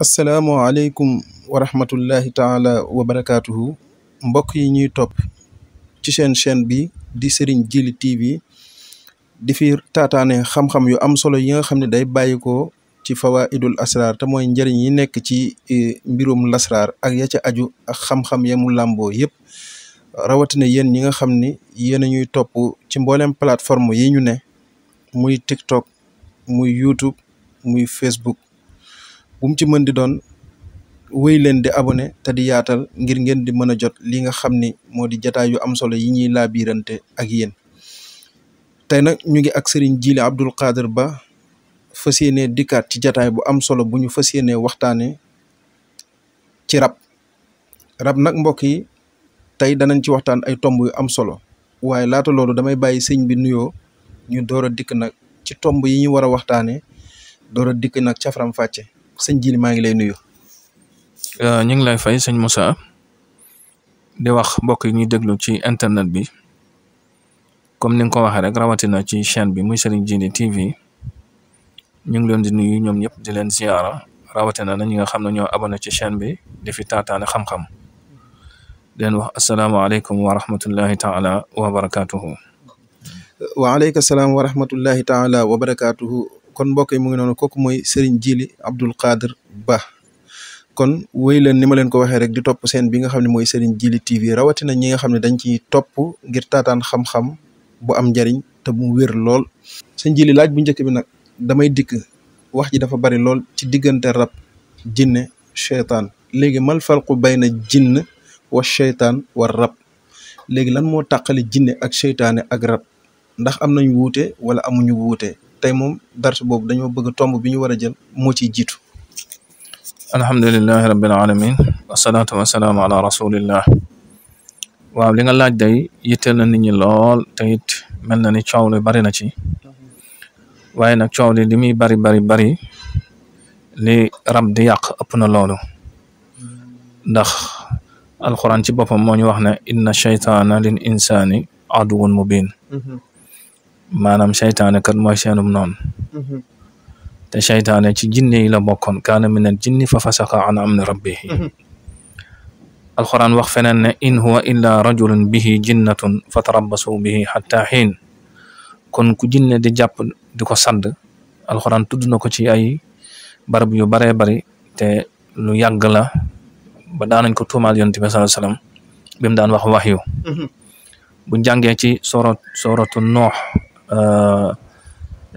asalaamualeykum wa rahmatullahi taala wa mbokk yi ñuy topp ci seen chaîne bi di Serigne Djily TV di fi taataane xam-xam yu am solo yi nga xam ne day bàyyikoo ci fawaidul asraar te mooy njëriñ yi nekk ci e, mbirum lasraar ak ya aju ak xam-xam ya mu làmboo yëpp rawatina yéen ñi nga xam ni yéen a ñuy topp ci mboolem plateforme yi ñu ne muy TikTok muy YouTube muy Facebook bu ci mën di doon wéy leen di abone te di yaatal ngir ngeen di mën a jot li nga xam ni moo di jataay yu am solo yi ñuy biirante ak yéen tey nag ñu ngi ak sëriñ Jili Abdul Qadir Ba fës yéenee dikkaat ci jataay bu am solo bu ñu fas yéenee waxtaane ci rab rab nag mbokk yi tey danañ ci waxtaan ay tomb yu am solo waaye laata loolu damay bàyyi sëñ bi nuyoo ñu door a dikk nag ci tomb yi ñu war a waxtaanee door a dikk nag cafram fàcce sëñ Jili maa ngi lay nuyu. Euh, ñu ngi lay fay sañ Moussa di wax mbokk yi ñuy déglu ci internet bi comme ni nga ko waxee rek rawatina ci chaîne bi muy Serigne Djily TV ñu ngi leen di nuyu ñoom ñëpp di leen ziara rawatina na ñi nga xam ne ñoo abonné ci chaîne bi di fi taataane xam-xam di wax asalaamaaleykum wa rahmatullahi taala wa barakaatuhu. waaleykum salaam taala wa kon mbokk yi mu ngi noonu kooku mooy Serigne Djily Abdoul Khadr Ba kon wéy leen ni ma leen ko waxee rek di topp seen bi nga xam ne mooy Serigne Djily TV rawatina ñi nga xam ne dañ ciy topp ngir taataan xam-xam bu am njariñ te mu wér lool. Serigne Djily laaj bu njëkk bi nag damay dikk wax ji dafa bari lool ci diggante rab jinne cheytaan léegi mal farqu bayna jinn wa cheytaan wa rab léegi lan moo tàqale jinne ak cheytaane ak rab ndax am nañ wuute wala amuñu wuute. tey moom dars boobu dañoo bëgg tomb bi ñu war a jël moo ciy jiitu alhamdulilahi rabbil alamin wasalaatu wasalaamu ala rasulillah waaw li nga laaj day yitteel na nit ñi lool te it mel na ni coow li bari na ci waaye nag coow li li muy bari bari bari li rab di yàq ëpp na loolu ndax alquran ci boppam moo ñu wax ne inna shaytaana lil insaani aduwun mubin mm-hmm. maanaam seytaane kat mooy seenum noonu mhm. te seytaane ci jinne yi la bokkoon kaana minal jinni fa fasaqa an amri rabbihi mhm. alxuraan wax feneen ne in huwa illa rajulun bihi jinnatun fa tarabbasu bihi xatta xiin kon ku jinne di jàpp di ko sadd alxuraan tudd na ko ci ay barab yu baree bari te lu yàgg la ba daanañ ko tuumaal yonent bi sallallahu daan wax waxyu mhm. bu jàngee ci sorat soratu noox Euh,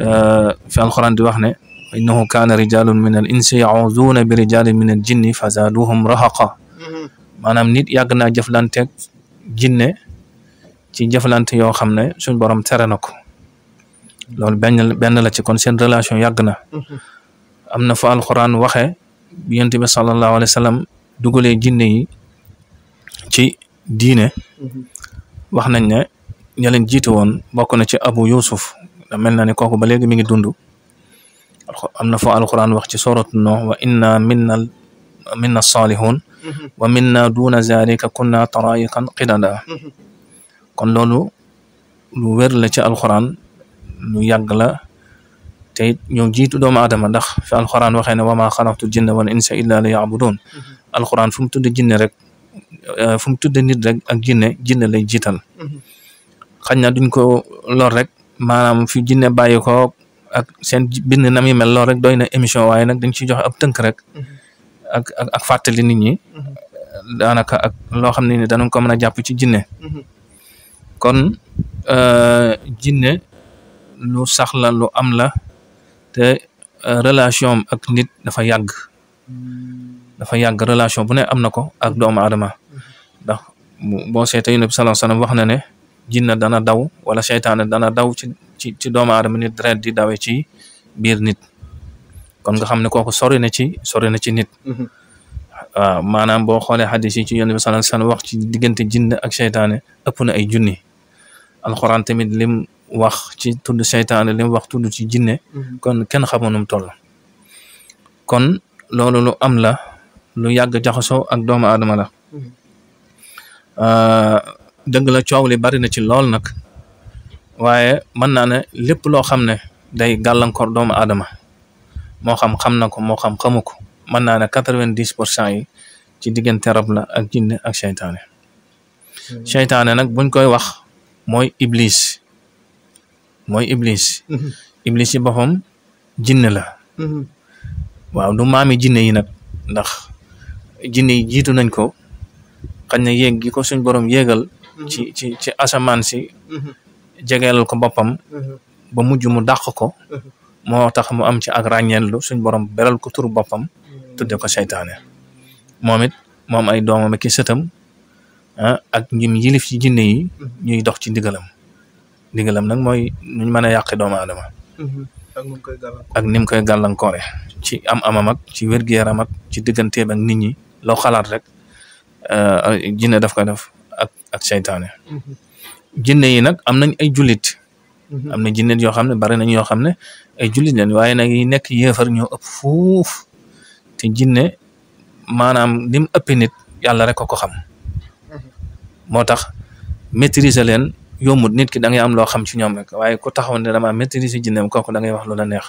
euh, fi alxuraan di wax ne innahu kaana rijalun min al insi yauduuna bi rijalin min al jinni fa zaaduhum rahaqa maanaam nit yàgg naa jëflanteeg jinne ci jëflante yoo xam ne suñ borom tere na ko loolu benn benn la ci kon seen relation yàgg na na fa alxuraan waxee bi yonent bi sallallahu alayhi wa sallam jinne yi ci diine mm-hmm. wax ne ña leen woon bokk na ci abu yusuf da mel na ne kooku ba léegi mi ngi dund am na foo alquran wax ci sooratu no wa inna minna minna salihun mm-hmm. wa minna duna zalika kunna taraiqan qidada mm-hmm. kon loolu lu wér la ci alquran lu yàgg la te it ñoo jiitu doom adama ndax fi alquran waxee ne wa ma xalaqtu jinna wal insa illa li yabudun mm-hmm. alquran fu tudd jinne rek eh, fu mu tudd nit rek ak jinne jinne lay jiital xañ na duñ ko lool rek maanaam fi jinne bàyyi ko ak seen bind na muy mel lool rek doy na émission waaye nag dañ ciy joxe ab tënk rek mm-hmm. a ak ak fàttali nit ñi mm-hmm. ak loo xam ne ni danañ ko mën a jàpp ci jinne mm-hmm. kon euh, jinne lu sax la lu am la te euh, relation ak nit dafa yàgg dafa yàgg relation bu ne am na ko ak doomu aadama ndax boo seetee yonent bi wax na ne jinna dana daw wala seytaane dana daw ci ci ci doomu aadama nit deret di dawee ci biir nit kon nga xam ne kooku sori na ci sori na ci nit mhm. waaw maanaam boo xoolee xadis yi ci yonent bi sallallahu alayhi wasallam wax ci diggante jinne ak seytaane ëpp na ay junni alxuraan tamit lim wax ci tudd seytaane lim wax tudd ci jinne mhm. kon kenn xamoo nu mu kon loolu lu am la lu yàgg jaxasoo ak doomu aadama la mhm. dëgg la coow li bari na ci lool nag waaye mën naa ne lépp loo xam ne day gàllankoor doomu aadama moo xam xam na ko moo xam xamu ko mën naa ne quatre vingt pour cent yi ci diggante rab la ak jinne ak seytaane hmm. seytaane nag buñ koy wax mooy iblis mooy iblis hmm. iblis ci boppam jinne la hmm. waaw du maami jinne yi nag ndax jinne yi jiitu nañ ko xañ na yéeg gi ko suñ borom yéegal ci ci ci asamaan si jegeelal ko boppam ba mujj mu dàq ko moo tax mu am ci ak ràññeelu suñ borom beral ko turu boppam tudde ko seytaane moom it moom ay doomam ak sëtam ah, ak ñim yilif ci jinne yi ñuy dox ci ndigalam ndigalam nag mooy nuñ mën a yàqe doomu aadama ak ni koy gàllankoore ci am amam ak ci wér-gu-yaram ak ci digganteem ak nit ñi loo xalaat rek ah, jinne daf ko def ak seytaane mhm. jinne yi nag am nañ ay jullit mhm. am na jinne yoo xam ne bari nañ yoo xam ne ay jullit lañ waaye nag yi nekk yéefar ñoo ëpp fuuf te jinne maanaam ni mu ëppi nit yàlla rek ko ko xam mhm. moo tax maîtriser leen yombut nit ki da ngay am loo xam ci ñoom rek waaye ku taxaw ne dama maîtriser jinneem kooku da ngay wax lu neex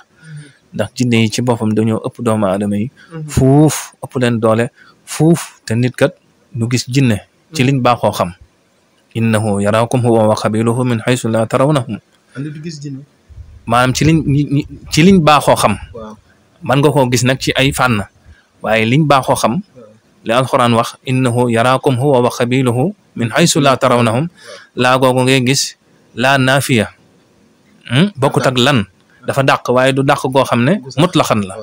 ndax jinne yi ci boppam dañoo ëpp doomu adama yi fuuf ëpp leen doole fuuf te nit kat du gis jinne ci liñ baaxoo xam innahu yaraakum huwa wa qabiluhu min haythu la tarawnahum maanaam ci liñ ci liñ baaxoo xam man nga koo gis nag ci ay fànn waaye liñ baaxoo xam li alxuraan wax innahu yaraakum huwa wa qabiluhu min haythu la tarawnahum laa googu ngay gis laa naafiya hmm? bokkut ak lan dafa dàq waaye du dàq goo xam ne mutlaxan la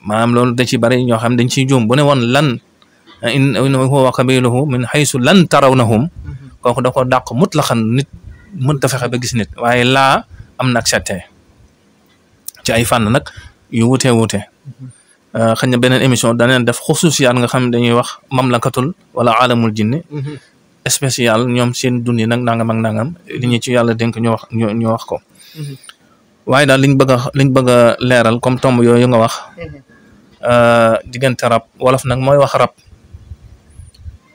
maanaam loolu da ci bari xam dañ ciy juum bu ne woon lan in huwa wa qabiluhu min haythu lan tarawnahum kooku da ko dàq mutlaxan nit mën ta fexe ba gis nit waaye la am na ak sette ci ay fànn nag yu wutee wute euh, xëy na beneen émission daneen def xususiyaat nga xam dañuy wax mamlakatul wala alamul jinne spécial ñoom seen dund yi nag nangam ak nangam li ñu ci yàlla dénk ñu wax ñu wax ko waaye daal liñ bëgg a a leeral comme tomb yooyu nga wax mhm. euh, diggante rab wolof nag mooy wax rab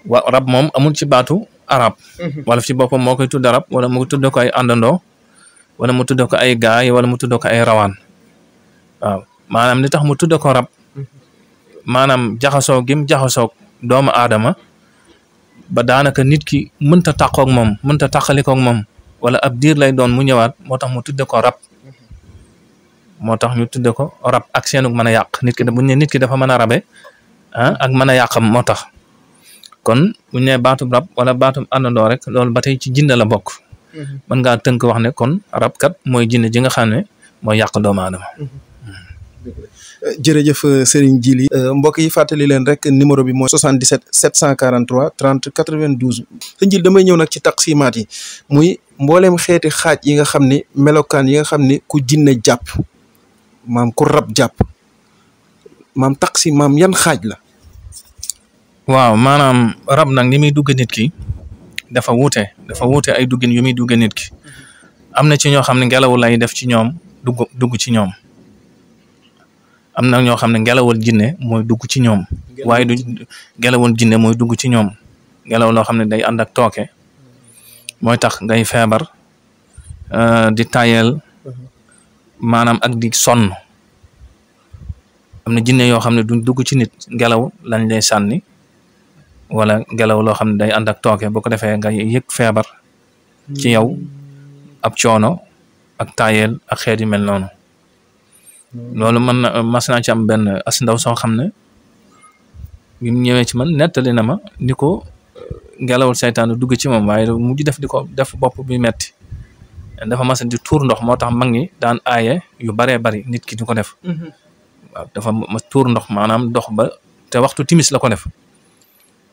wa rab moom amul ci baatu arab mhm. wala ci boppam moo koy tudd rab wala mu tudd ko ay àndandoo wala mu tudd ko ay gaay wala mu tudd ko ay rawaan waaw maanaam li tax mu tudd ko rab mhm. maanaam jaxasoo gim jaxasoo doomu aadama ba daanaka nit ki mënta tàqoog moom mënta tàqalikoog moom wala ab diir lay doon mu ñëwaat moo tax mu tudde ko rab mhm. moo tax ñu tudde ko rab ak seenug mën a yàq nit ki bu nit ki dafa mën a rabe ah ak mën a yàqam tax kon buñ ne baatub rab wala baatum àndandoo rek loolu ba tey ci jinne la bokk mm-hmm. mën ngaa tënk wax ne kon rab kat mooy jinne ji nga xam ne mooy yàq doomu aadama mm-hmm. euh, jërëjëf euh, Serigne Djily euh, mbokk yi fàttali leen rek numéro bi mooy 77 743 30 92 sëñ Djily damay ñëw nag ci taqsimaat yi muy mbooleem xeeti xaaj yi nga xam ne melokaan yi nga xam ne ku jinne jàpp maam ku rab jàpp maam taqsi maam yan xaaj la waaw maanaam rab nag ni muy dugg nit ki dafa wuute dafa wuute ay duggin yu muy dugg nit ki am na ci ñoo xam ne ngelaw lay def ci ñoom dugg dugg ci ñoom am na ñoo xam ne ngelawal jinne mooy dugg ci ñoom waaye du ngelawal jinne mooy dugg ci ñoom ngelaw loo xam ne day ànd ak tooke mooy tax ngay feebar euh, di tayel maanaam ak di sonn am na jinne yoo xam ne duñ dugg ci nit ngelaw lañ lay sànni wala ngelaw loo xam ne day ànd ak tooke bu ko defee nga yëg feebar ci yow hmm. ab coono ak taayeel ak xeet yu mel noonu hmm. loolu man na mas naa ci am benn as ndaw soo xam ne bi mu ñëwee ci man nettali na ma ni ko euh, ngelawul seytaane dugg ci moom waaye mujj def di ko def bopp bi metti dafa mas di tuur ndox moo tax mag ñi daan aaye yu baree bari nit ki di ko def hmm. waaw ndox maanaam dox ba te waxtu timis la ko def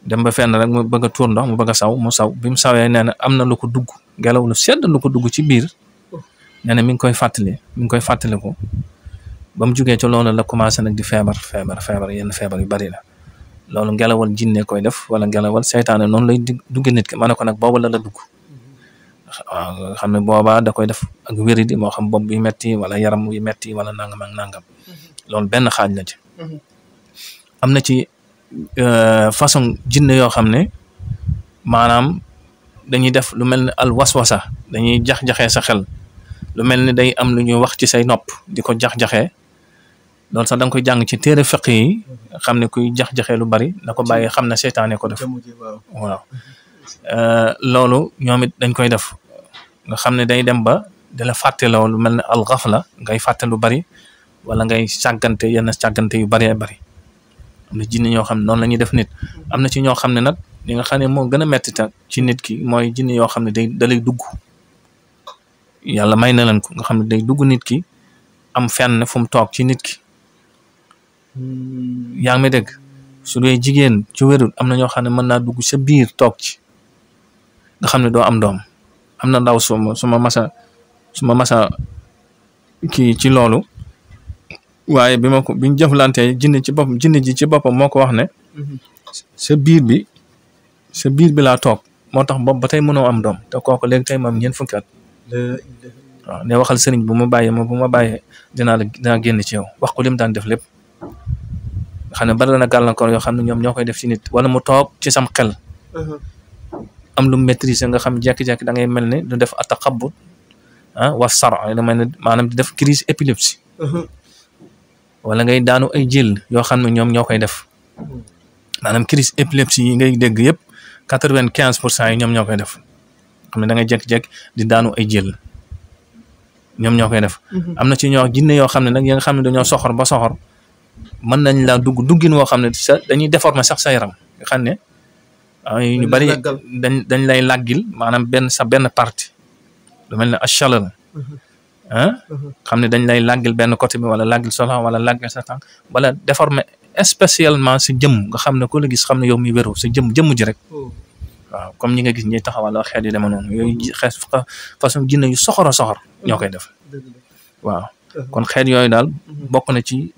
dem ba fenn rek mu bëgg a tuur mu bëgg a saw mu saw bi mu sawee nee am na lu ko dugg ngelaw lu sedd lu ko dugg ci biir nee na mi ngi koy fàttali mi ngi koy fàttaliku ba mu jugee ci loolu la commencé nag di feebar feebar feebar yenn feebar yu bari la loolu ngelawal jinne koy def wala ngelawal seytaane noonu lay dugg nit ki ma ne ko nag boobu la la dugg xam ne boobaa da koy def ak wéridi moo xam bopp yu metti wala yaram yu metti wala nangam ak nangam mm-hmm. loolu benn xaaj la mm-hmm. na ci Euh, façon jinne yoo xam ne maanaam dañuy def lu mel ne al waswasa dañuy jax jaxe sa xel lu mel ni day am lu ñuy wax ci say nopp di ko jax jaxe loolu sax da koy jàng ci téere fiq yi xam ne kuy jax jaxe lu bari na ko bàyyi xam ne seytaane ko def waaw euh, loolu ñoom it dañ koy def nga xam ne day dem ba di la fàtteloo lu mel ne al xafla ngay fàtte lu bari wala ngay sàggante yenn sàggante yu bari bari am na jinne ñoo xam ne noonu la ñuy def nit am na ci ñoo xam ne nag li nga xam ne moo gën a metti ci nit ki mooy jinne yoo xam ne day dalay dugg yàlla may na leen ko nga xam ne day dugg nit ki am fenn fu mu toog ci nit ki hmm. yaa ngi dégg su dee jigéen ci wérul am na ñoo xam ne mën naa dugg sa biir toog ci nga xam ne doo am doom am na ndaw su suma masa suma masa ki ci loolu waaye bi ma ko bi ñu jëflantee jinne ci boppam jinne ji ci boppam moo ko wax ne mhm. sa biir bi sa biir bi laa toog moo tax bopp ba tey mënoo am doom te kooku léegi tey moom ñeent fukki at waaw ne waxal sëriñ bu ma bàyyee ma bu ma bàyyee dinaa la dinaa génn ci yow wax ko li daan def lépp xam ne bari na gàllankoor yoo xam ne ñoom ñoo koy def ci nit wala mu toog ci sam xel mhm. am lu maîtriser nga xam jekki-jekki da ngay mel ne du def ataxabut ah wa sar da mel maanaam di def crise épilepsie mhm. wala ngay daanu ay jël yoo xam ne ñoom ñoo koy def maanaam crise épilepsie yi ngay dégg yëpp quatre vingt quinze pour cent yi ñoom ñoo koy def xam ne da ngay jekk-jekk di daanu ay jël ñoom ñoo koy def mhm. am na ci ñoo jinne yoo xam ne nag ya nga xam ne dañoo soxor ba soxor mën nañ laa dugg duggin woo xam ne sa dañuy déformer sax sa yaram xam ne ah, ñu bari dañ dañ lay làggil maanaam benn sax benn partie lu mel ne achalal mhm. ah xam ne dañ lay làggil benn côté mi wala làggil solan wala làggil sa tànk wala déformé spécialement si jëm nga xam ne ku la gis xam ne yow mi wéru si jëm ji rek oh. waaw comme ñi nga gis ñi ñuy taxawal xeet yu deme noonu yooyu uh-huh. xeet façon jinne yu soxor a uh-huh. soxor ñoo koy def waaw kon xeet yooyu daal bokk na ci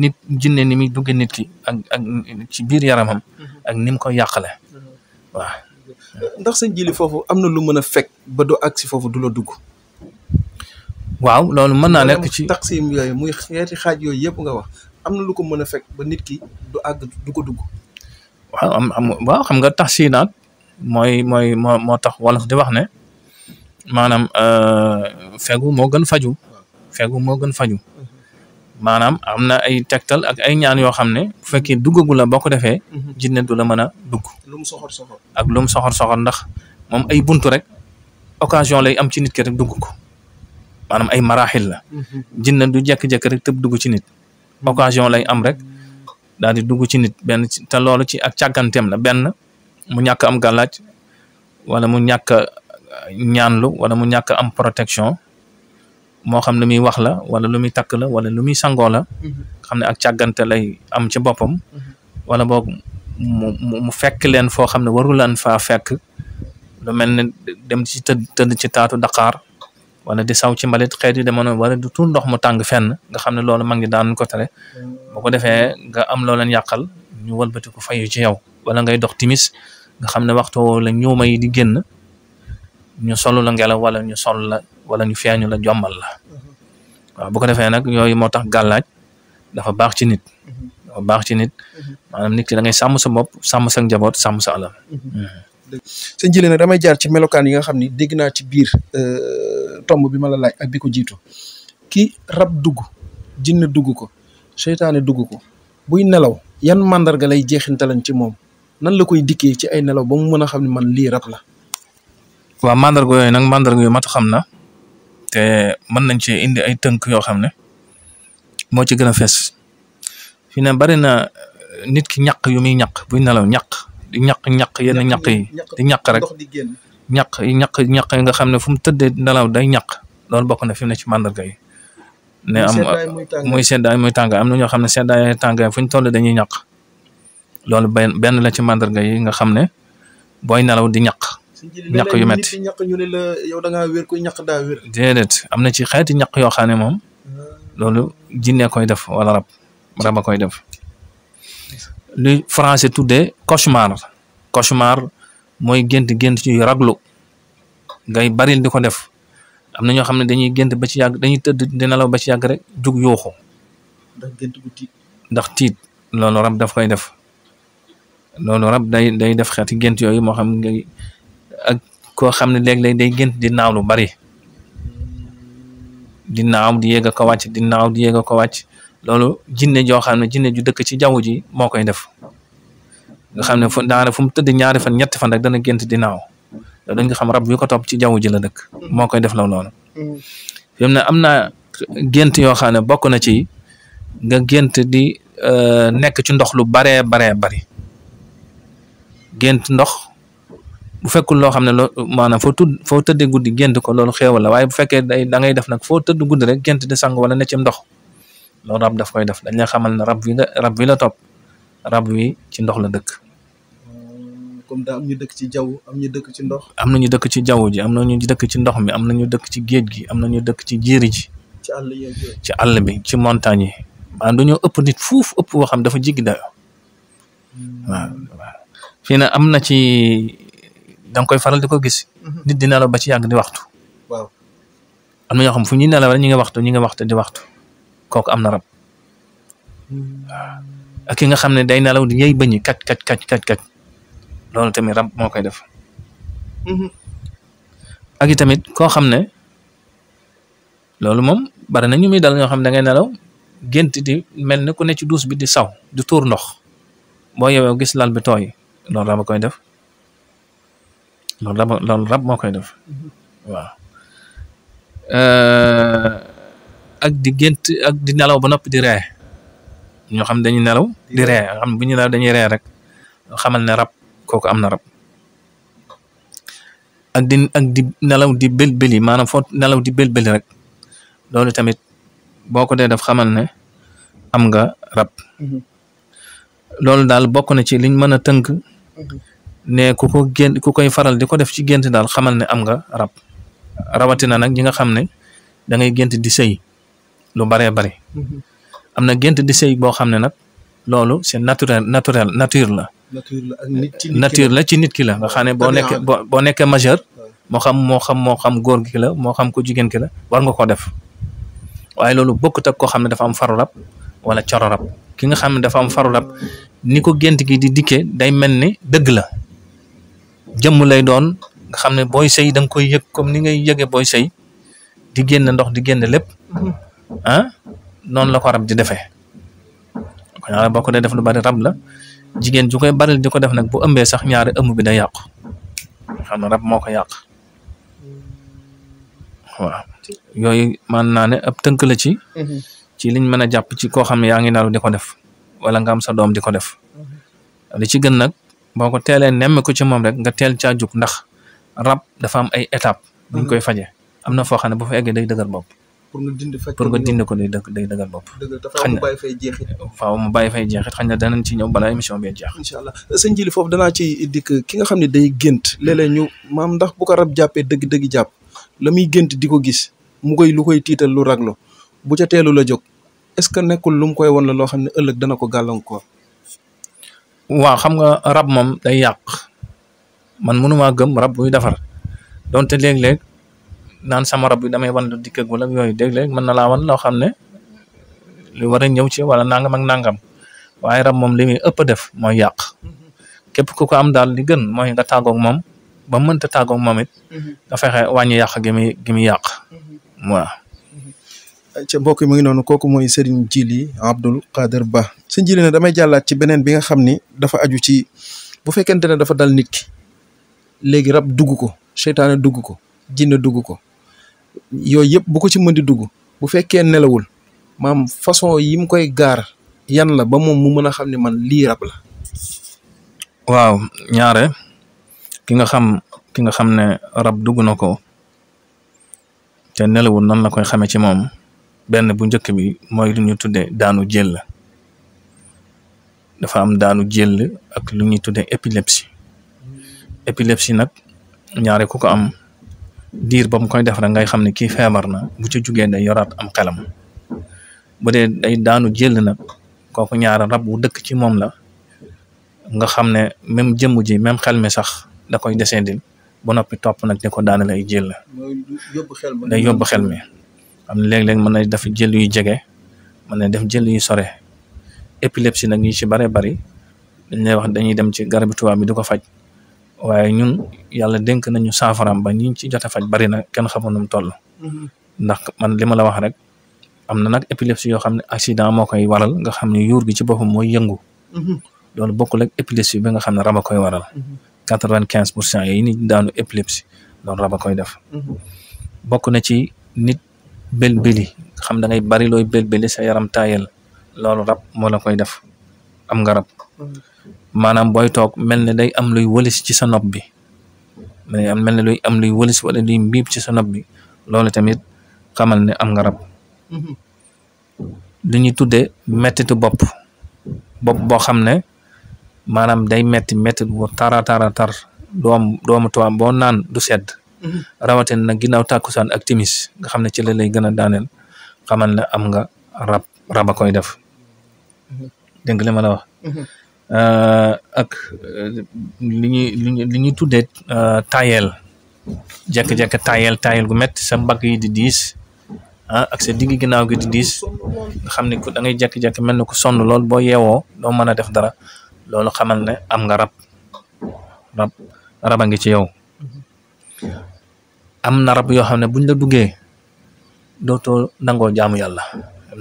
nit jinne ni muy dugge nit ki ak ak ci biir yaramam ak ni mu ko yàqale waaw ndax sëñ jili foofu am na lu mën a fekk ba du agsi foofu du la dugg waaw loolu mën naa nekk ci taqsim yooyu muy xeeti xaaj yooyu yëpp nga wax am na lu ko mën a fekk ba nit ki du àgg du ko dugg. waaw xam am waaw xam nga mooy mooy mo moo tax wala di wax ne maanaam euh, fegu moo gën faju fegu moo gën faju maanaam am na ay tegtal ak ay ñaan yoo xam ne bu fekkee duggagu la boo ko defee mhm. jinne du mën a dugg lu mu soxor soxor ak lu mu soxor soxor ndax moom ay buntu rek occasion lay am ci nit ki rek dugg ko maanaam ay maraaxil la mhm. jinna du jekk-jekk rek tëb dugg ci nit mhm. occasion lay am rek daal di dugg ci nit benn te loolu ci ak càgganteem la benn mu ñàkk am gàllaaj wala mu ñàkk a ñaanlu wala mu ñàkk am protection moo xam ne muy wax la wala lu muy takk la wala lu muy sangoo la mhm. xam ne ak càggante lay am ci boppam wala boog mu mu fekk leen foo xam ne waru leen faa fekk lu mel ne dem ci tëdd tëdd ci taatu Dakar wala di saw ci mbalit xeet yu demoon wala du tuur ndox mu tàng fenn nga xam ne loolu mag ñi daan ko tere boo ko defee nga am loo leen yàqal ñu walbatiku fayu ci yaw wala ngay dox timis nga xam ne waxtu la ñëw may di génn ñu sol la ngelaw wala ñu sol la wala ñu feeñu la jombal la waaw bu ko defee nag yooyu moo tax gàllaaj dafa baax ci nit mhm. dafa baax ci nit mhm. maanaam nit ki da ngay sàmm sa bopp sàmm sa njaboot sàmm sa alal mhm. sëñ jëlee nag damay jaar ci melokaan yi nga xam ni dégg naa ci biir euh, tomb bi ma la laaj ak bi ko jiitu ki rab dugg jinne dugg ko seytaane dugg ko buy nelaw yan màndarga lay lañ ci moom nan la koy dikkee ci ay nelaw ba mu mën a xam ne man lii rab la. waaw màndargo yooyu nag màndarga yu mat xam na te mën nañ cee indi ay tënk yoo xam ne moo ci gën a fees fi ne bari na euh, nit ki ñaq yu muy ñaq buy nelaw ñaq. di ñaq ñaq yenn ñaq yi di ñaq rek ñaq ñaq ñaq yi nga xam ne fu mu tëddee nelaw day ñaq loolu bokk na fi mu ne ci màndarga yi ne am muy seddaay muy tàngaay am na ñoo xam ne seddaay tàngaay fu ñu toll dañuy ñaq loolu benn benn la ci màndarga yi nga xam ne booy nelaw di ñaq ñaq yu metti déedéet am na ci xeeti ñaq yoo xam ne moom ah. loolu jinne koy def wala rab raba koy def li français tuddee cauchemar cauchemar mooy gént gént ci raglu ngay baril di ko def am na ñoo xam ne dañuy gént ba ci yàgg dañuy tëdd di nelaw ba ci yàgg rek jug yooxu ndax gént bu tiit ndax rab daf koy def loolu rab day day def xeeti gént yooyu moo xam ngay koo xam ne léeg-léeg day gént di naaw lu bari di naaw di yéeg ko wàcc di naaw di yéeg ko wàcc loolu jinne joo xam ne jinne ju dëkk ci jaww ji moo koy def nga xam ne fu daana fu mu tëdd ñaari fan ñetti fan rek dana gént di naaw loolu nga xam rab yu ko topp ci jaww ji la dëkk moo koy def la loolu fi ne am na gént yoo xam ne bokk na ci nga gént di euh, nekk ci ndox lu baree baree bari gént ndox bu fekkul loo xam ne loo maanaam foo tudd foo tëddee guddi gént ko loolu xéewal la waaye bu fekke day da ngay def nag foo tëdd guddi rek gént di sang wala ne ci ndox loolu rab daf koy def dañ la xamal ne rab wi la rab wi la topp rab wi ci ndox la dëkk. comme dëkk ci jaww am ñu dëkk ci ndox. am na ñu dëkk ci jaww ji am na ñu dëkk ci ndox mi am na ñu dëkk ci géej gi am na ñu dëkk ci jéeri ji. ci àll ci àll bi ci montagne yi. maanaam dañoo ëpp nit fuuf ëpp boo xam dafa jiggi dayoo. Hmm. waaw waaw nag am na ci da koy faral di ko gis. Mhm. nit di nelaw ba ci yàgg di waxtu. waaw am na ñoo xam fu ñuy nelaw rek ñi nga waxtu ñi nga waxtu di waxtu. kooku am na rab waaw hmm. ak ki nga xam ne day nelaw di yey bañi kàcc kàcc kàcc kàcc kàcc loolu tamit rab moo koy def hmm. ak tamit koo xam ne loolu moom bari na ñu muy dal ñoo xam ne da ngay nelaw gént di mel ne ku ne ci duus bi di saw di tuur ndox boo yeewee gis lal bi tooy loolu rab koy def loolu rab moo koy def hmm. ak di gént ak di nelaw ba noppi di ree ñoo xam dañuy nelaw di ree xam bu ñu nelaw dañuy ree rek xamal ne rab kooku am na rab ak di ak di nelaw di bëlbëli maanaam foo nelaw di bëlbëli rek loolu tamit boo ko dee def xamal ne am nga rab mhm. loolu daal bokk na ci liñ mën a tënk mhm. ne ku ko gént ku koy faral di ko def ci gént daal xamal ne am nga rab rawatina nag ñi nga xam ne dangay ngay gént di sëy lu baree bari mhm. am na gént di sëy boo xam ne nag loolu se naturel naturel nature la. nature la ci nit ki la nga xam ne boo nekke boo nekkee majeur moo xam moo xam moo xam góor gi la moo xam ko jigéen ki la war nga ko def waaye loolu bokkut ak koo xam ne dafa am faru rab wala coro rab ki nga xam ne dafa am faru rab ni ko gént gi di dikke day mel ni dëgg la jëmm lay doon nga xam ne booy sëy da koy yëg comme ni ngay yëgee booy sëy di génn ndox di génn lépp mhm. ah noonu la ko rab di defee kon boo ko dee def lu bari rab la jigéen ju koy baril di ko def nag bu ëmbee sax ñaari ëmb bi day yàqu xam rab moo ko yàq waaw yooyu man naa ne ab tënk la ci. Mhm. ci liñ mën a jàpp ci koo xam ne yaa ngi naaru di ko def wala nga am sa doom di ko def mhm. li ci gën nag boo ko teelee nemm ko ci moom rek nga teel caa jug ndax rab dafa am ay étape buñ mhm. koy faje am na foo xam ne bu fa eggee day dëgër bopp. pour nga dindi faj pour nga dindi ko day day dëggal bopp. dëgg la faaw mu bàyyi fay jeexit. jeexit xañ na danañ ci ñëw balaa émission bi jeex. incha allah sëñ Jili foofu danaa ci dikk ki nga xam ne day gént léeg ñu maam ndax bu ko rab jàppe dëgg-dëgg jàpp la muy gént di ko gis mu koy lu koy tiital lu raglo bu ca teelu la jog est-ce que nekkul lu mu koy won la loo xam ne ëllëg dana ko gàllankoor. waaw xam nga rab moom day yàq man mënumaa gëm rab buy defar donte léeg-léeg naan sama rab bi damay wan la dikk ak wala yooyu dégg mën na laa wan loo xam ne lu war a ñëw ci wala nangam ak nangam waaye rab moom li muy ëpp def mooy yàq képp ku ko am daal li gën mooy nga tàggoog moom ba mënta tàggoog moom it fexe wàññi yàq gi muy gi muy yàq mi ngi noonu kooku mooy Serigne Djily Abdoul Khader Ba Serigne Djily ne damay jàllaat ci beneen bi nga xam ni dafa aju ci bu fekkente ne dafa dal nit ki léegi rab dugg ko seytaane dugg ko jinne dugg ko. yooyu yëpp bu ko ci mën di dugg bu fekkee nelawul maam façon yim koy gaar yan la ba moom mu mën a xam ne man lii rab la. waaw ñaare ki nga xam ki nga xam ne rab dugg na ko te nelawul nan la koy xamee ci moom benn bu njëkk bi mooy lu ñu tuddee daanu jël la dafa am daanu jël ak lu ñuy tuddee épilepsie épilepsie nag ñaare ku ko am. diir ba mu koy def rek ngay xam ne kii feebar na bu ci jugee day yoraat am xelam bu dee daanu jël nag kooku ñaara rab wu dëkk ci moom la nga xam ne même jëmm ji même xel mi sax da koy desendil ba noppi topp nag di ko daanale ay jël la day yóbbu xel mi am na léeg-léeg mën na def jël yu jege mën na def jël yu sore épilepsie nag yi ci bare bari dañ lay wax dañuy dem ci garabu tubaab bi di ko faj waaye ñun yàlla dénk nañu saafaraam ba ñi ci jot a faj bari na kenn xamul nu mu toll. Mm-hmm. ndax man li la wax rek am na nag épilepsie yoo xam ne accident moo koy waral nga xam ne yuur gi ci boppam mooy yëngu. Mm-hmm. loolu bokkul ak épilepsie ba nga xam ne rab a koy waral. Mm-hmm. quatre vingt quinze pour cent yooyu nit daanu épilepsie loolu rab a koy def. bokk na ci nit belbeli xam da ngay bari looy belbeli sa yaram taayal loolu rab moo la koy def. am nga rab maanaam booy toog mel ne day am luy wëlis ci sa nopp bi day am mel ne luy am luy wëlis wala luy mbiib ci sa nopp bi loolu tamit xamal ne am nga rab li ñuy tuddee mettitu bopp bopp boo xam ne maanaam day metti mettit bu tara tara tar doom doomu tubaab boo naan du sedd rawatina nag ginnaaw tàkkusaan ak timis nga xam ne ci la lay gën a daaneel xamal ne am nga rab rab koy def dégg nga li ma la wax. Mhm. Euh, ak euh, li ñuy li ñuy tuddee euh, taayel tayel jékki taayel taayel gu métti sa mbagg yi di diis ah, ak sa digg ginnaaw gi di diis nga xam ne da ngay jékki mel ni ku sonn lool boo yeewoo doo mën a def dara loolu xamal ne am nga rab rab a ngi ci yow am na rab yoo xam ne buñ la duggee dootoo nangoo jaamu yàlla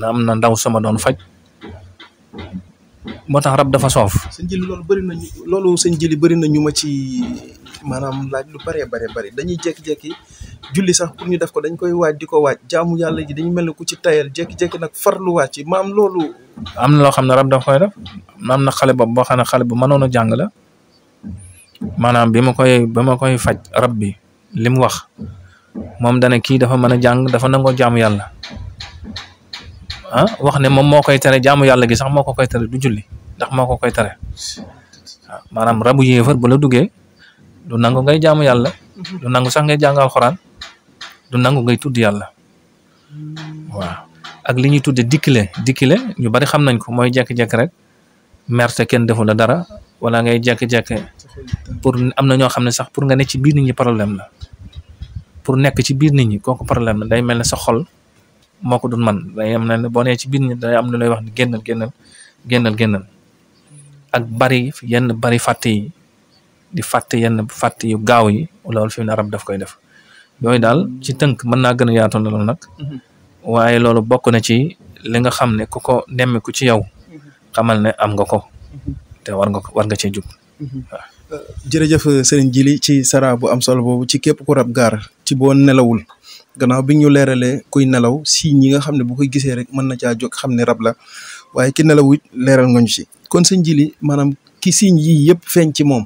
am na ndaw sama doon faj. moo tax rab dafa soof. sëñ Jili loolu bëri na loolu sëñ Jili bëri na ma ci maanaam laaj lu bëree bëri bëri dañuy jékki julli sax pour ñu def ko dañ koy waaj di ko waaj jaamu yàlla ji dañu mel ne ku ci tayal jékki-jékki nag farlu waaj ci maam loolu. am na loo xam ne rab dafa koy def am na xale boobu boo xam ne xale bu mënoon a jàng la maanaam bi ma koy ba ma koy faj rab bi li mu wax moom dana kii dafa mën a jàng dafa nangoo jaamu yàlla ah wax ne moom moo koy tere jaamu yàlla gi sax moo ko koy tere du julli ndax moo ko koy tere waaw ah, maanaam rabu yéefar bu la duggee du nangu ngay jaamu yàlla du nangu sax ngay jàng alxuraan du nangu ngay tudd yàlla waaw ak li ñuy tuddee dikkile dikkile ñu bari xam nañ ko mooy jekk-jekk rek merte kenn defu la dara wala ngay jekk-jekk pour am na ñoo xam ne sax pour nga ne ci biir nit ñi problème la pour nekk ci biir nit ñi kooku problème la day mel ne sa xol. moo ko doon man day am na ne boo nee ci biir ñi day am lu lay wax ni génnal génnal génnal ak bari yenn bari fàtte yi di fàtte yenn fàtte yu gaaw yi loolu fi mu ne arab daf koy def yooyu daal ci tënk mën naa gën a yaatoon na loolu nag mhm. waaye loolu bokk na ci li nga xam ne ku ko nemmiku ci yow xamal ne am nga ko te war nga ko war nga cee jub mhm. waaw jërëjëf sëriñ Jili ci sara bu am solo boobu ci képp ku rab gaar ci boo nelawul gannaaw bi ñu leeralee kuy nelaw si ñi nga xam ne bu koy gisee rek mën na caa jóg xam ne rab la waaye ki nelaw leeral nga ñu si kon sëñ jili maanaam ki siñ yii yëpp feeñ ci moom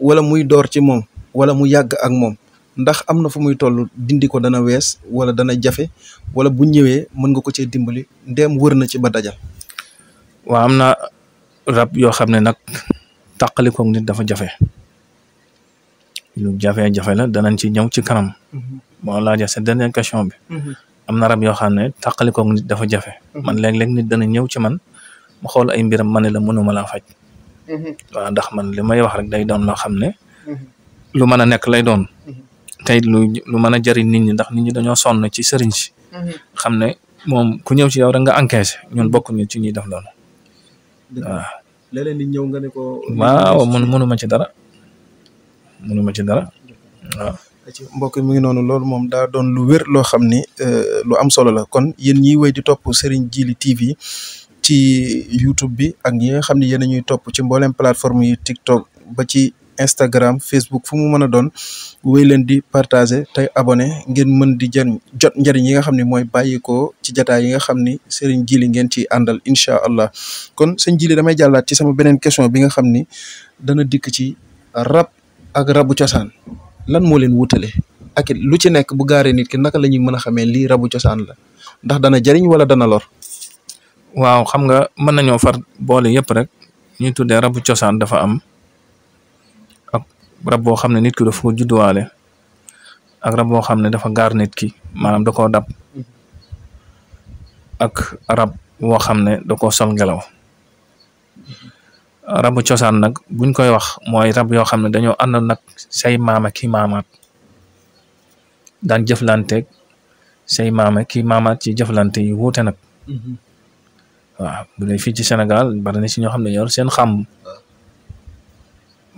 wala muy door ci moom wala mu yàgg ak moom ndax am na fu muy toll dindi ko dana wees wala dana jafe wala bu ñëwee mën nga ko cee dimbali ndeem wër na ci ba dajal waa am na rab yoo xam ne nag tàqalikoog nit dafa jafe lu jafe-jafe la danañ ci ñëw ci kanam mm-hmm. moo laajee sa dernière question bi. Mm-hmm. am na rab yoo xam ne tàqali koog nit dafa jafe. Mm-hmm. man léeg-léeg nit dana ñëw ci man mu xool ay mbiram ma ne la mënuma laa faj. Mm-hmm. waaw ndax man li may wax rek day doon loo xam ne. lu mën a nekk lay doon. tey lu lu mën a jëriñ nit ñi ndax nit ñi dañoo sonn ci sëriñ xam ne moom ku ñëw ci yow rek nga encaissé ñun bokkuñu ci ñuy def loolu. waaw leneen di ñëw nga ne ko. waaw man mënuma ci dara mënuma ci dara waaw. mbokk mi ngi noonu loolu moom daa doon lu wér loo xam ni euh, lu am solo la kon yéen ñiy wéy di topp Serigne Djily TV ci YouTube bi ak ñi nga xam ne yéen a ñuy topp ci mboolem plateforme yi TikTok ba ci Instagram Facebook fu mu mën a doon wéy leen di partager tey abone ngeen mën di jën jot njëriñ ñi nga xam ne mooy bàyyikoo ci jataay yi nga xam ni Serigne Djily ngeen ci àndal incha allah kon sëñ Djily damay jàllaat ci sama beneen question bi nga xam ni dana dikk ci rab ak rabu cosaan lan moo leen wutale ak it lu ci nekk bu gaaree nit ki naka la ñuy mën a xamee lii rabu cosaan la ndax dana jariñ wala dana lor. waaw xam nga mën nañoo far boole yëpp rek ñuy tuddee rabu cosaan dafa am rab boo xam ne nit ki dafa ko judduwaale ak rab boo xam ne dafa gaar nit ki maanaam da koo dab mm-hmm. ak rab boo xam ne da koo sol ngelaw. rabu cosaan nag buñ koy wax mooy rab yoo xam ne dañoo ànd nag say maama ki maamaat daan jëflanteeg say maama ki maamaat ci jëflante yi wuute nag mm-hmm. waaw bu fii ci Sénégal bari na si ñoo xam ne yor seen xam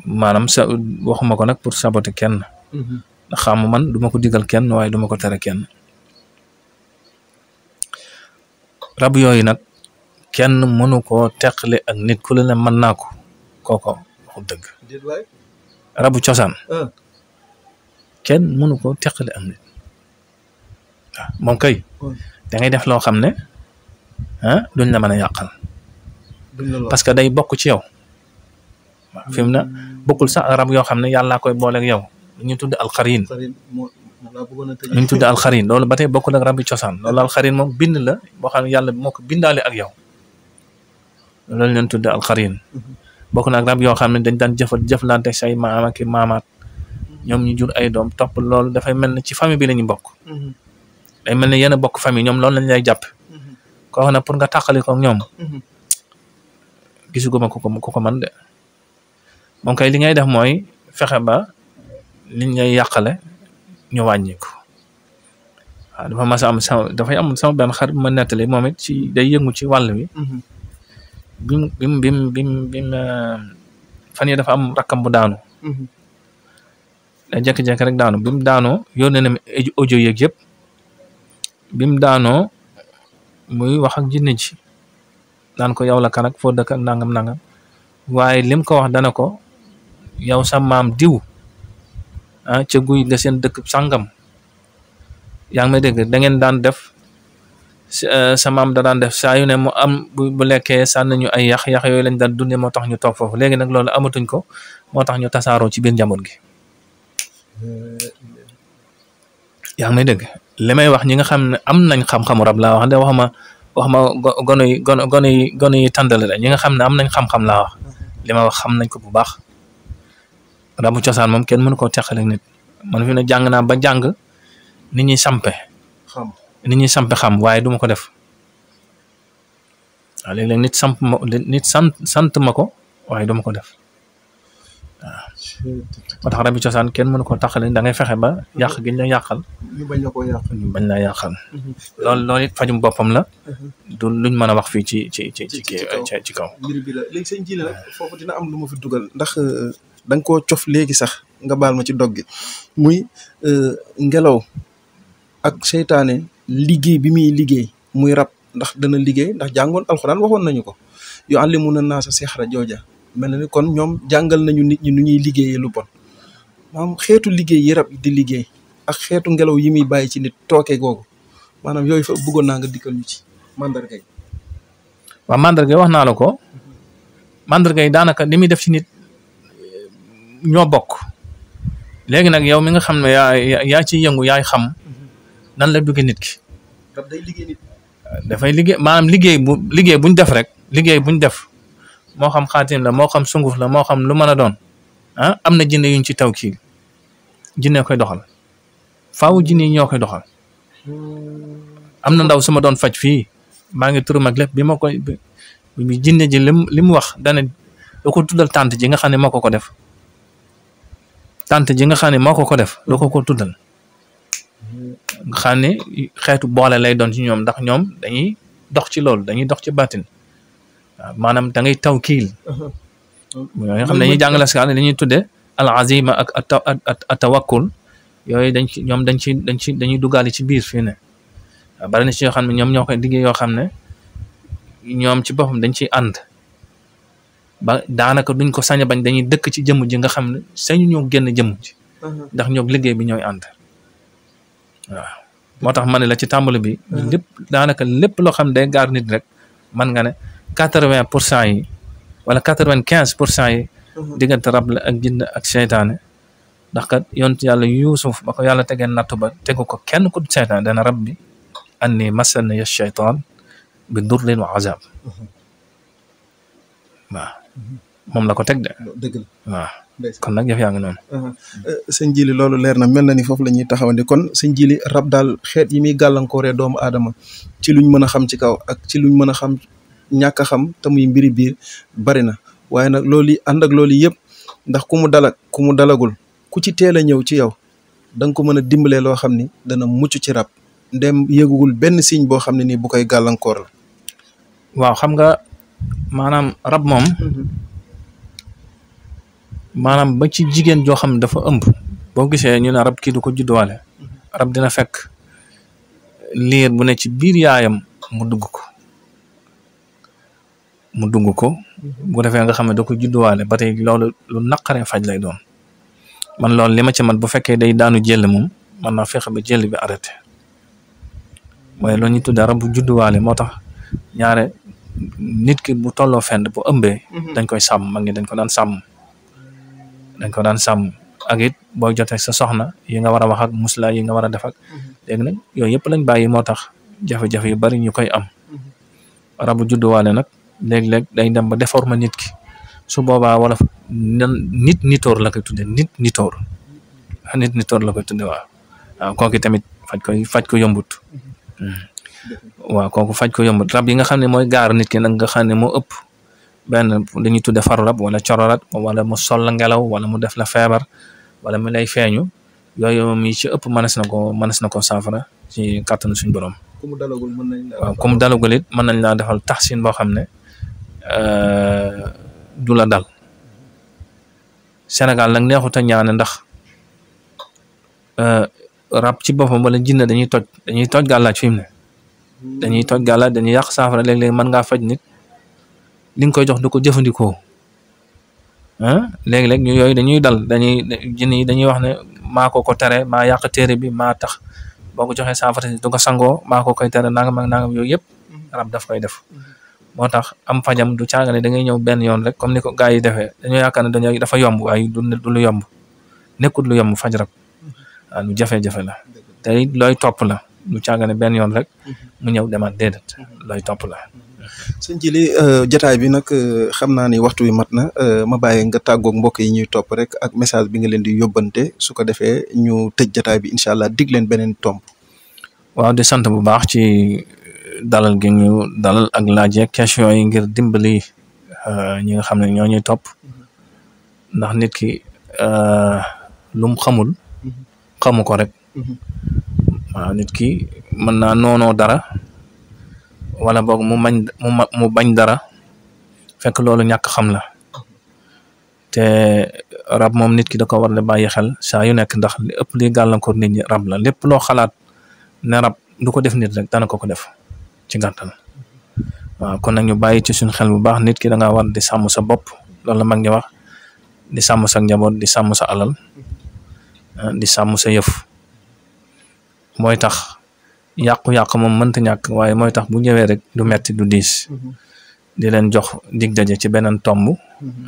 maanaam sa waxuma ko nag pour saboter kenn mm-hmm. xam man duma ko digal kenn waaye duma ko tere kenn rab yooyu nag kenn mënu koo teqale ak nit ku la ne mën naa ko kooko waxul dëgg rabu cosaan ah. kenn mënu koo teqale ak nit waaw moom kay da def loo xam ne ah duñ na mën a yàqal parce que day bokk ci yow waaw na mu ne bokkul rab yoo xam ne yàllaa koy booleeg yow ñu tudd alxarin ñu tudd alxarin loolu ba tey bokkul ak rabi cosaan loolu alxarin moom bind la boo xam ne yàlla moo ko bindaale ak yow loolu leen tudde alxarin bokk na ak rab yoo xam ne dañ daan jëfa jëflante say maam ak maamaat ñoom ñu jur ay doom topp loolu dafay mel ne ci famille bi la ñu bokk day mel ne yéen bokk famille ñoom loolu lañ lay jàpp koo xam ne pour nga tàqali ko ñoom gisuguma ku ko ku ko man de moom kay li ngay def mooy fexe ba liñ lay yàqale ñu wàññiku waaw dafa mas a am sama dafay am sama benn xarit ma nettali moom it ci day yëngu ci wàll wi bim bim bim bim bim ah, fan dafa am rakkam bu daanu. Mhm. da jékki rek daanu bim daanoo yónnee na ma audio yeeg yëpp bim daanoo muy wax ak jinne ji naan ko yow la kan ak foo dëkk ak nangam nangam waaye lim ko wax dana ko yow sa maam diw ah ca guy ga seen dëkk sàngam yaa ngi may dégg da ngeen daan def. Eh, sa maam da daan def saa yu ne mu am bu lekkee sànn ñu ay yax yax yooyu lañ daan dundee moo tax ñu toog foofu léegi nag loolu amatuñ ko moo tax ñu tasaaroo ci biir njaboot gi. Eh, yaa ngi li may wax ñi nga xam ne am nañ xam rab laa wax de waxuma waxuma gone yi gone gone yi gone yi tàndale la ñi nga xam ne am nañ xam-xam laa wax li ma wax xam nañ ko bu baax rabu cosaan moom kenn mënu koo teqaleeg nit man fi ne jàng naa ba jàng nit ñi sampe. nit ñi samp xam waaye duma ko def waaw léeg-léeg nit samp nit sant sant ma ko waaye duma ko def waaw moo tax rabi cosaan kenn mënu ko taxale da ngay fexe ba yàq gi ñu la yàqal ñu bañ la ko yàqal ñu bañ laa yàqal mhm. loolu loolu it fajum boppam la mhm. du luñ mën a wax fii ci ci ci kaw mbir bi la léegi ji la foofu dina am lu ma fi dugal ndax euh, da nga koo cof léegi sax nga baal ma ci doggi muy euh, ngelaw ak seytaane liggéey bi muy liggéey muy rab ndax dana liggéey ndax jàngoon alxuraan waxoon nañu ko yu allimuna naasa sixra jooja mel na ni kon ñoom jàngal nañu nit ñi nu ñuy liggéeyee lu bon maanaam xeetu liggéey yi rab di liggéey ak xeetu ngelaw yi muy bàyyi ci nit tooke googu maanaam yooyu fa bëggoon naa nga dikkal ñu ci mandarga yi. waaw mandarga wax naa la ko mandarga yi daanaka li muy def ci nit eh, ñoo bokk léegi nag yow mi nga xam ne yaa yaa ciy yëngu yaay xam. nan la duggee nit ki. liggéey nit dafay liggéey maanaam liggéey bu liggéey buñ def rek liggéey buñ def moo xam xaatim la moo xam sunguf la moo xam lu mën a doon ah am na jinne yuñ ci taw kii jinne koy doxal faw jinne yi ñoo koy doxal am na ndaw su ma doon faj fii maa ngi turum ak lépp bi ma koy bi jinne ji lim li mu wax dana doo ko tuddal tante ji nga xam ne moo ko ko def tante ji nga xam ne moo ko ko def doo ko ko tuddal nga xam ne xeetu boole lay doon ci ñoom ndax ñoom dañuy dox ci loolu dañuy dox ci baatin waaw maanaam da ngay taw kiil uh-huh. xam ne dañuy si àll dañuy tudde al azima ak at tawakkul yooyu dañ ci ñoom dañ ci dañ ci dañuy duggaale ci biir fii ne na ci yoo xam ne ñoom ñoo koy liggéey yoo xam ne ñoom ci boppam dañ ciy ànd ba daanaka duñ ko sañ bañ dañuy dëkk ci jëmm ji nga xam ne sañu ñoo génn jëmm uh-huh. ndax ñoo liggéey bi ñooy ànd waaw moo tax ma ne la ci tàmbali bi. lépp daanaka lépp loo xam ne day gaar nit rek man nga ne quatre vingt pour cent yi wala quatre vingt quinze pour cent yi. Mhm. diggante rab la ak jinn ak seytaane ndax kat yonent yàlla yuusuf ba ko yàlla tegee natu ba tegu ko kenn ku seytaane dana rab bi anni masanna ya seytaan bi durrin wa azab mhm. waaw mhm. moom la ko teg de waaw kon nag yëf yaa ngi noonu. Eh, sëñ Jili loolu leer na mel na ni foofu lañuy ñuy taxawandi kon sëñ Jili rab daal xeet yi muy doomu aadama ci luñ mën a xam ci kaw ak ci luñ mën a xam ñàkk a xam te muy mbiri biir bari na waaye nag looli yi ànd ak loolu yëpp ndax ku mu dalak ku mu dalagul ku ci teel a ñëw ci yow da nga ko mën a dimbalee loo xam ni dana mucc ci rab ndem yëgugul benn siñ boo xam ne nii bu koy gàllankoor la. waaw xam nga maanaam rab moom. Mhm. maanaam ba ci jigéen joo xam ne dafa ëmb boo gisee ñu ne rab kii du ko judduwaale rab dina fekk liir bu ne ci biir yaayam mu dugg ko mu dugg ko bu defee nga xam ne da ko judduwaale ba tey loolu lu naqaree faj lay doon man loolu li ma ci man bu fekkee day daanu jël moom man naa fexe ba jël bi arrêté waaye loolu ñu tuddee rab bu judduwaale moo tax ñaare nit ki bu tolloo fend bu ëmbee. Mhm. dañ koy sàmm mag ñi dañ ko daan sàmm. dañ ko daan sàmm ak boo jotee sa soxna yi nga war a wax ak musla yi nga war a def ak mhm. yooyu yëpp lañ bàyyi moo tax jafe yu bari ñu koy am mhm. nag léeg-léeg day dem ba déforme nit ki boobaa wala nit nitoor la koy tudde nit nitoor nit nitoor la koy tudde waaw waaw kooku tamit faj ko faj ko yombut mhm. mm. waaw kooku faj ko yombut rab yi nga xam ne mooy gaar nit ki nag nga xam ne moo ëpp benn li tu tudde farlab wala corolat wala mu sol la ngelaw wala mu def la feebar wala mu lay feeñu yooyu moom yi ëpp mënees na ko mënees na ko saafara ci kàttanu suñ borom. ku mu dalagul mën nañ waaw ku mu dalagul it mën nañ laa defal taxsin boo xam ne euh, du la dal Sénégal nag neexut a ñaane ndax euh, rab ci boppam wala jinne dañuy toj dañuy toj gàllaaj fi mu ne. Hmm. dañuy toj gàllaaj dañuy yàq saafara léeg-léeg mën ngaa faj nit. li koy jox du ko jëfandikoo ah léegi-léeg ñu yooyu dañuy dal dañuy jinn yi dañuy wax ne maa ko tere maa yàq téere bi maa tax boo ko joxee saafara si ko sangoo maa koy tere nangam ak nangam yooyu yëpp rab daf koy def moo tax am fajam du caaga ne da ngay ñëw benn yoon rek comme ni ko gaa yi defee dañoo yaakaar ne dañoo dafa yomb waaye du du lu yomb lu faj rab waaw lu jafe-jafe la te looy topp la du caaga ne benn yoon rek mu ñëw demaat déedéet looy topp la sëñ Jili euh, jataay bi nag euh, xam naa ni waxtu wi mat na euh, ma bàyyi nga tàggoog mbokk yi ñuy topp rek ak message bi nga leen di yóbbante su ko defee ñu tej jataay bi incha allah dig leen beneen tomb. waaw di sant bu baax ci dalal gi ñu dalal ak laaj yeeg yi ngir dimbali ñi nga xam ne ñoo topp ndax nit ki lum xamul mm-hmm. xamu ko rek mm-hmm. waaw nit ki mën naa noonoo dara. wala boog mu mañ mu mu bañ dara fekk loolu ñàkk xam la te rab moom nit ki da ko war a bàyyi xel saa yu nekk ndax li ëpp liy gàllankoor nit ñi rab la lépp loo xalaat ne rab du ko def nit rek dana ko ko def ci gàttal waaw kon nag ñu bàyyi ci suñu xel bu baax nit ki danga ngaa war di sàmm sa bopp loolu la mag ñi wax di sàmm sa njaboot di sàmm sa alal di sàmm sa yëf mooy tax. yàqu-yàqu moom mënta ñàkk waaye mooy tax bu ñëwee rek du metti du diis mhm. di leen jox dig daje ci beneen tomb mhm.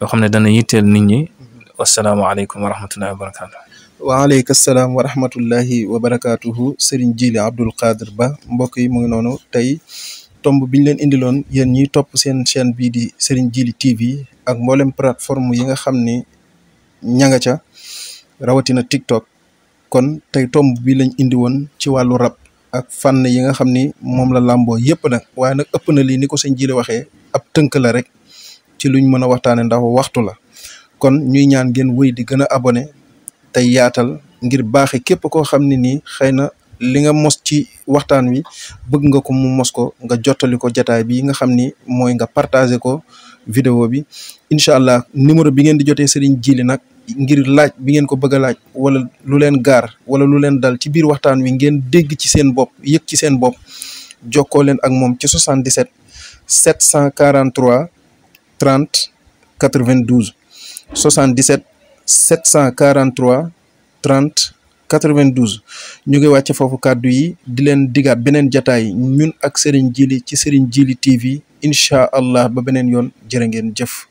yoo xam ne dana yitteel nit ñi mhm. wasalaamaaleykum wa rahmatullahi wa waaleykum salaam wa rahmatullahi wa barakaatuhu Serigne Djily Abdoul Khadr Ba mbokk yi mu ngi noonu tey tomb biñ leen indiloon yéen ñiy topp seen chaîne bii di Serigne Djily TV ak mboolem plateforme yi nga xam ni ña nga ca rawatina TikTok kon tey tomb bi lañ indi woon ci wàllu rab ak fànn yi nga xam ni moom la làmboo yëpp na waaye nag ëpp na lii ni ko sëñ Jili waxee ab tënk la rek ci luñ mën a waxtaanee ndax waxtu la kon ñuy ñaan ngeen woy di gën a abonné tey yaatal ngir baaxe képp koo xam ne nii xëy na li nga mos ci waxtaan wi bëgg nga ko mu mos ko nga jottali ko jataay bi nga xam ni mooy nga partagé ko video bi incha allah numéro bi ngeen di jotee Serigne Djily nag ngir laaj bi ngeen ko bëgg a laaj wala lu leen gaar wala lu leen dal ci biir waxtaan wi ngeen dégg ci seen bopp yëg ci seen bopp jokko leen ak moom ci 77 743 30 92 77 743 30 92 ñu ngi wàcce foofu kàddu yi di leen digaat beneen jataay ñun ak Serigne Djily ci Serigne Djily TV incha allah ba beneen yoon jërë ngeen jëf.